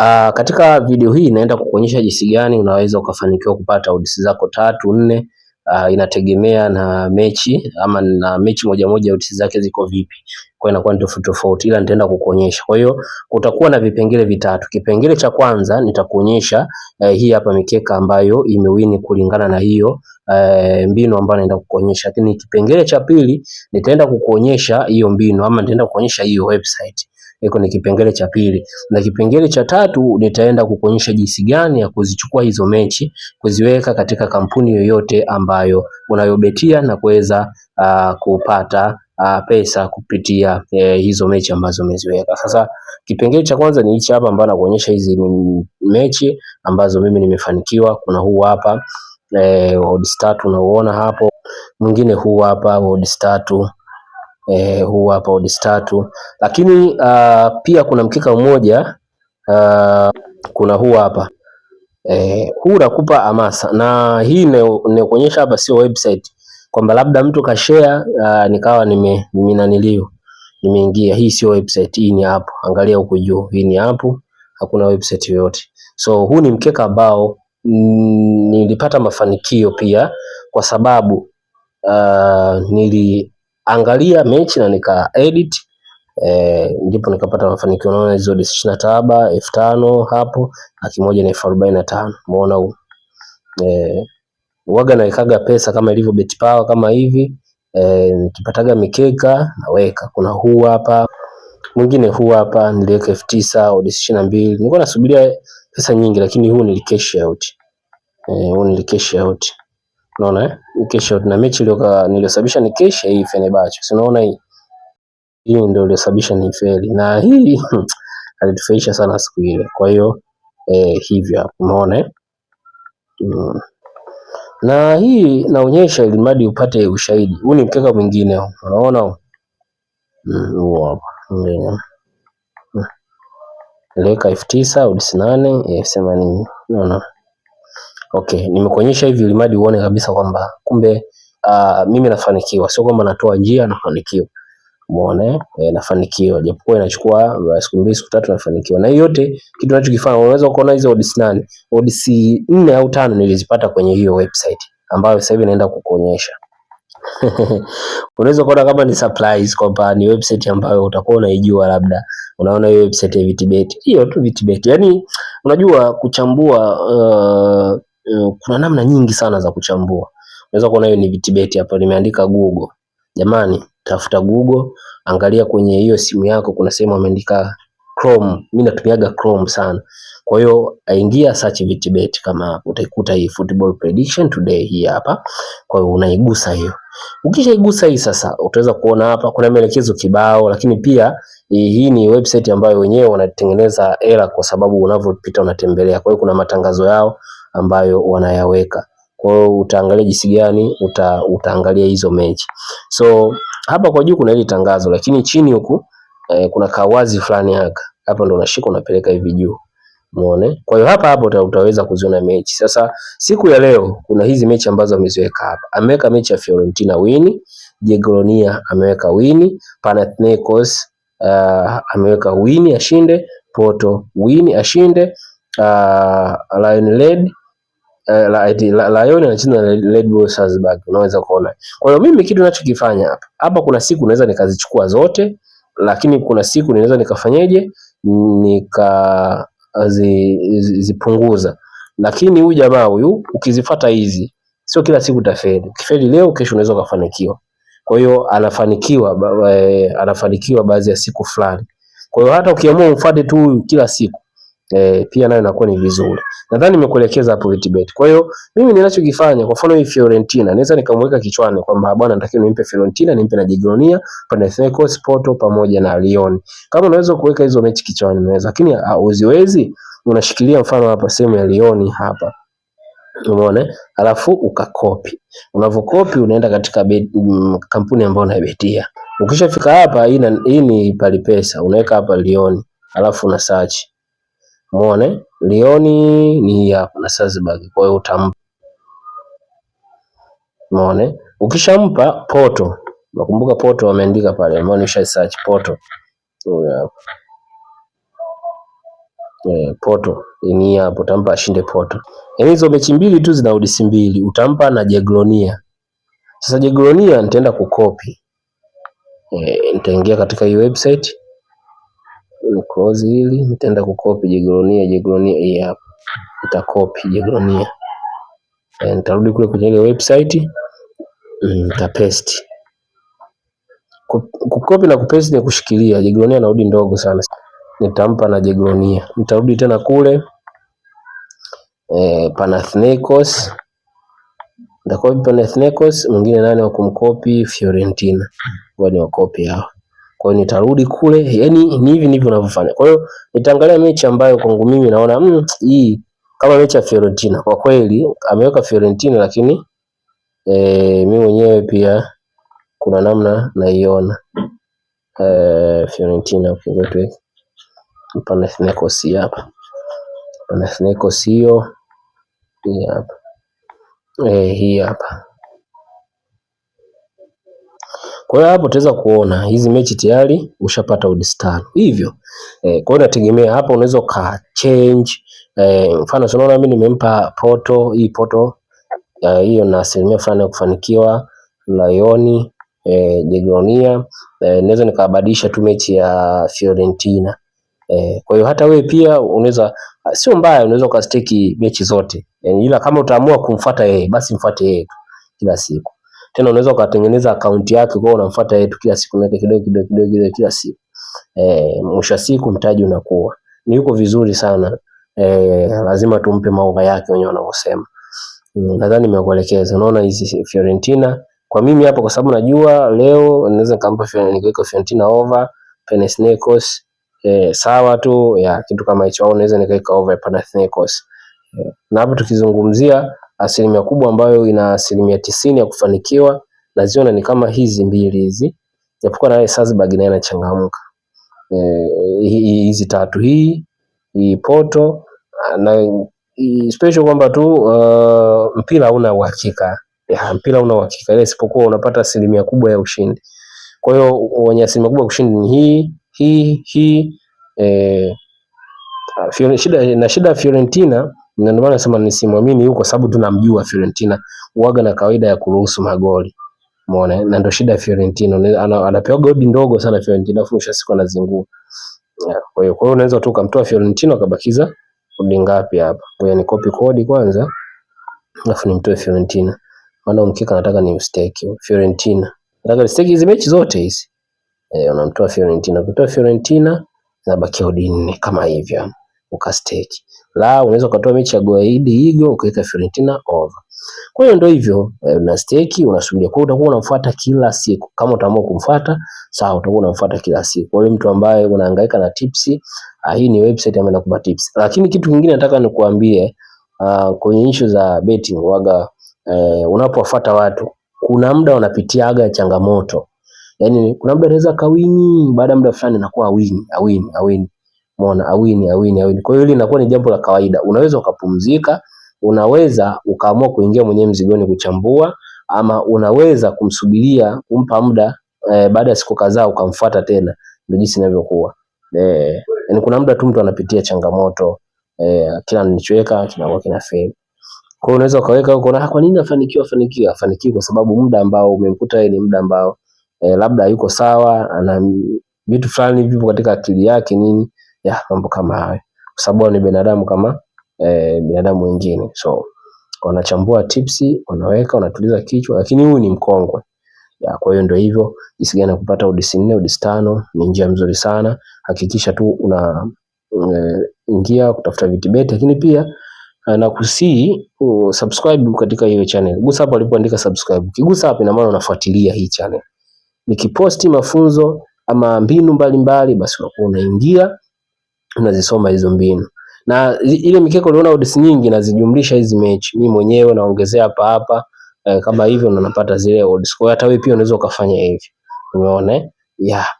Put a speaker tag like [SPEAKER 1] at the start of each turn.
[SPEAKER 1] Uh, katika video hii naenda kukuonyesha jinsi gani unaweza ukafanikiwa kupata odds zako tatu nne. Uh, inategemea na mechi ama na mechi moja moja odds zake ziko vipi, kwa inakuwa ni tofauti tofauti, ila nitaenda kukuonyesha. Kwa hiyo utakuwa na vipengele vitatu. Kipengele cha kwanza nitakuonyesha, uh, hii hapa mikeka ambayo imewini kulingana na hiyo uh, mbinu ambayo naenda kukuonyesha, lakini kipengele cha pili nitaenda kukuonyesha hiyo mbinu ama nitaenda kukuonyesha hiyo website Iko ni kipengele cha pili, na kipengele cha tatu nitaenda kukuonyesha jinsi gani ya kuzichukua hizo mechi kuziweka katika kampuni yoyote ambayo unayobetia na kuweza uh, kupata uh, pesa kupitia uh, hizo mechi ambazo umeziweka. Sasa kipengele cha kwanza ni hichi hapa, ambapo nakuonyesha hizi mechi ambazo mimi nimefanikiwa. Kuna huu hapa eh, odds tatu unaoona hapo, mwingine huu hapa odds tatu eh, huu hapa odds tatu, lakini uh, pia kuna mkeka mmoja uh, kuna huu hapa eh, huu unakupa hamasa, na hii inayokuonyesha hapa sio website kwamba labda mtu kashare uh, ah, nikawa nime nimenaniliwa nimeingia. Hii sio website, hii ni app. Angalia huko juu, hii ni app, hakuna website yoyote. So huu ni mkeka ambao nilipata mafanikio pia kwa sababu uh, nili nikaangalia mechi na nika edit eh, ndipo nikapata mafanikio. Naona hizo dola ishirini na saba elfu tano hapo, laki moja na elfu arobaini na tano umeona huu eh, waga naikaga pesa kama ilivyo bet power kama hivi eh, nikipataga mikeka naweka. Kuna huu hapa mwingine huu hapa niliweka elfu tisa odds ishirini na mbili. Nilikuwa nasubiria pesa nyingi, lakini huu nili out eh, huu nili out out. Unaona eh? Kesha na mechi ile niliosababisha ni kesha hii Fenerbahce. Si unaona hii. Hii ndio iliyosababisha ni feli. Na hii alitufaisha sana siku ile. Kwa hiyo eh, hivyo hapo. Unaona eh? Mm. Na hii naonyesha ili mradi upate ushahidi. Huu ni mkeka mwingine. Unaona? Mm, huo hapa. Unaona? Eh? Mm. Leka elfu tisa, elfu nane, elfu themanini. Unaona? Okay, nimekuonyesha hivi ili mradi uone kabisa kwamba kumbe uh, mimi nafanikiwa, sio kwamba natoa njia, nafanikiwa. muone eh, nafanikiwa japokuwa inachukua ah, siku mbili siku tatu, nafanikiwa. Na hiyo yote kitu tunachokifanya, unaweza kuona hizo odds nani, odds nne au tano nilizipata kwenye hiyo website ambayo sasa hivi naenda kukuonyesha. Unaweza kuona kama ni surprise kwamba ni website ambayo utakuwa unaijua, labda unaona hiyo website ya VTBet hiyo tu VTBet. Yani unajua kuchambua uh, Eh, kuna namna nyingi sana za kuchambua. Unaweza kuona hiyo ni vitibeti hapa, nimeandika Google. Jamani, tafuta Google, angalia kwenye hiyo simu yako, kuna sehemu ameandika Chrome. Mimi natumiaga Chrome sana, kwa hiyo aingia search vitibet kama hapo, utaikuta hii football prediction today hii hapa. Kwa hiyo unaigusa hiyo, ukishaigusa hii sasa, utaweza kuona hapa kuna maelekezo kibao, lakini pia eh, hii ni website ambayo wenyewe wanatengeneza era kwa sababu unavyopita unatembelea. Kwa hiyo kuna matangazo yao ambayo wanayaweka. Kwa hiyo utaangalia jinsi gani uta, utaangalia hizo mechi. So hapa kwa juu kuna ile tangazo, lakini chini huku eh, kuna kawazi fulani haka hapa ndo unashika unapeleka hivi juu muone. Kwa hiyo hapa hapo utaweza kuziona mechi. Sasa siku ya leo kuna hizi mechi ambazo ameziweka hapa. Ameweka mechi ya Fiorentina win, Jegronia ameweka win, Panathinaikos uh, ameweka win ashinde, Porto win ashinde, uh, ah, Lion Red Eh, Lyon anacheza na Red Bull Salzburg, unaweza kuona. Kwa hiyo mimi kitu ninachokifanya hapa hapa, kuna siku naweza nikazichukua zote, lakini kuna siku ninaweza nikafanyeje, nikazipunguza. Eh, lakini huyu jamaa huyu, ukizifuata hizi, sio kila siku utafeli. Ukifeli leo, kesho unaweza ukafanikiwa. Kwa hiyo anafanikiwa, eh, anafanikiwa baadhi ya siku fulani. Kwa hiyo hata ukiamua ufuate tu huyu kila siku E, pia nayo inakuwa ni vizuri. Nadhani nimekuelekeza hapo Vitibet. Kwa hiyo mimi ninachokifanya kwa mfano hii Fiorentina naweza nikamweka kichwani kwamba bwana natakiwa nimpe Fiorentina, nimpe na Jagiellonia, Panathinaikos, Porto pamoja na Lyon. Kama unaweza kuweka hizo mechi kichwani unaweza, lakini ah, uziwezi unashikilia mfano hapa sehemu ya Lyon hapa. Umeona? Alafu ukakopi. Unavokopi unaenda katika bet, mm, kampuni ambayo unaibetia. Ukishafika hapa hii ni palipesa, unaweka hapa Lyon, alafu una search Muone eh? Lioni ni hii hapa na Salzburg, kwa hiyo utampa. Muone eh? ukishampa Porto, nakumbuka Porto wameandika pale, muone usha search Porto. Huyo hapa. Eh, Porto ni hapo, utampa ashinde Porto. Yaani hizo mechi mbili tu zina udisi mbili, utampa na Jaglonia. Sasa Jaglonia nitaenda kukopi. Eh, nitaingia katika hii website close hili, nitaenda kukopi jiglonia, jiglonia hii hapa, nitakopi jiglonia, e, nitarudi kule kwenye ile website mm, nitapaste. Kukopi na kupaste ni kushikilia. Jiglonia narudi ndogo sana, nitampa na jiglonia, nitarudi tena kule e, Panathinaikos nitakopi Panathinaikos, mwingine nani wa kumkopi? Fiorentina. Ngoja niwakopi hao. Kwa hiyo nitarudi kule, yani ni hivi ndivyo ninavyofanya. Kwa hiyo nitaangalia mechi ambayo kwangu mimi naona mm, hii kama mechi ya Fiorentina. Kwa kweli ameweka Fiorentina, lakini e, mimi mwenyewe pia kuna namna naiona e, Fiorentina Panathinaikos hapa, Panathinaikos hiyo hii hapa, e, hii hapa kwa hiyo hapo utaweza kuona hizi mechi tayari ushapata odds tano. Hivyo eh, kwa hiyo nategemea hapo unaweza ka change eh, mfano unaona mimi nimempa poto hii Porto eh, hiyo uh, na asilimia fulani ya kufanikiwa Lioni eh, Jegonia eh, naweza nikabadilisha tu mechi ya Fiorentina. Eh, kwa hiyo hata wewe pia unaweza sio mbaya, unaweza ukasteki mechi zote eh, ila kama utaamua kumfuata yeye basi mfuate yeye kila siku. Tena unaweza ukatengeneza akaunti yake kwa unamfuata yeye kila siku na kidogo kidogo kidogo kidogo kila siku. Eh, mwisho siku mtaji unakuwa. Ni yuko vizuri sana. Eh, lazima tumpe maua yake wenyewe wanavyosema. Hmm, nadhani nimekuelekeza. Unaona hizi Fiorentina kwa mimi hapa, kwa sababu najua leo naweza nikampa nikaweka Fiorentina over Panathinaikos, eh, sawa tu ya kitu kama hicho, au naweza nikaweka over Panathinaikos, eh, na hapo tukizungumzia asilimia kubwa ambayo ina asilimia tisini ya kufanikiwa, naziona ni kama hizi mbili hizi, japokuwa naye Salzburg naye anachangamka eh, hizi tatu hii hii Porto na special kwamba tu uh, mpira hauna uhakika ya, mpira una uhakika ile, isipokuwa unapata asilimia kubwa ya ushindi. Kwa hiyo wenye asilimia kubwa ya ushindi ni hii hii hii eh, shida na shida Fiorentina na ndio maana nasema nisimwamini huko, kwa sababu tunamjua Fiorentina uaga na kawaida ya kuruhusu magoli. Umeona, na ndio shida ya Fiorentina, anapewa godi ndogo sana Fiorentina, afu mwisho siku anazingua. Kwa hiyo kwa hiyo unaweza tu kumtoa Fiorentina kabakiza kodi ngapi hapa? Kwa hiyo ni copy code kwanza, alafu nimtoe Fiorentina, maana mkika nataka ni mistake Fiorentina, nataka mistake hizi mechi zote hizi eh, unamtoa Fiorentina. Ukitoa Fiorentina, zinabakia hodi nne kama hivyo ukastake la unaweza ukatoa mechi ya Guardiola ukaweka Fiorentina over. Kwa hiyo ndio hivyo, eh, una stake unasubiria. Kwa utakuwa unamfuata kila siku. Kama utaamua kumfuata, sawa utakuwa unamfuata kila siku. Kwa hiyo mtu ambaye unahangaika na tips, ah, hii ni website ambayo inakupa tips. Lakini kitu kingine nataka nikuambie, uh, kwenye issue za betting waga, uh, unapowafuata watu kuna muda wanapitiaga changamoto. Yaani kuna muda anaweza kawini, baada ya muda fulani anakuwa awini, awini, awini. Umeona, awini awini awini. Kwa hiyo hili linakuwa ni jambo la kawaida. Unaweza ukapumzika, unaweza ukaamua kuingia mwenyewe mzigoni kuchambua, ama unaweza kumsubiria kumpa muda e, baada ya siku kadhaa ukamfuata tena, ndio jinsi inavyokuwa. e, yani kuna muda tu mtu anapitia changamoto e, kila nilichoweka kinakuwa kinafeli. Kwa hiyo unaweza ukaweka ukaona ah, kwa nini afanikiwa afanikiwa afanikiwa kwa sababu muda ambao umemkuta yeye ni muda ambao e, labda yuko sawa, ana vitu fulani vipo katika akili yake nini ya mambo kama hayo, kwa sababu ni binadamu kama eh, binadamu wengine. So wanachambua tipsi, wanaweka, wanatuliza kichwa, lakini huyu ni mkongwe ya, kwa hiyo ndio hivyo. Jinsi gani kupata udisi nne udisi tano ni njia mzuri sana. Hakikisha tu una e, ingia kutafuta VTBet, lakini pia eh, na kusii uh, subscribe katika hiyo channel. Gusa hapo alipoandika subscribe, ukigusa hapo ina maana unafuatilia hii channel. Nikiposti mafunzo ama mbinu mbalimbali, basi unakuwa unaingia unazisoma hizo mbinu na ile mikeko uliona odds nyingi nazijumlisha hizi mechi, mimi mwenyewe naongezea hapa hapa eh, kama hivyo, na napata zile odds. Kwa hiyo hata wewe pia unaweza ukafanya hivyo, umeona eh? yeah.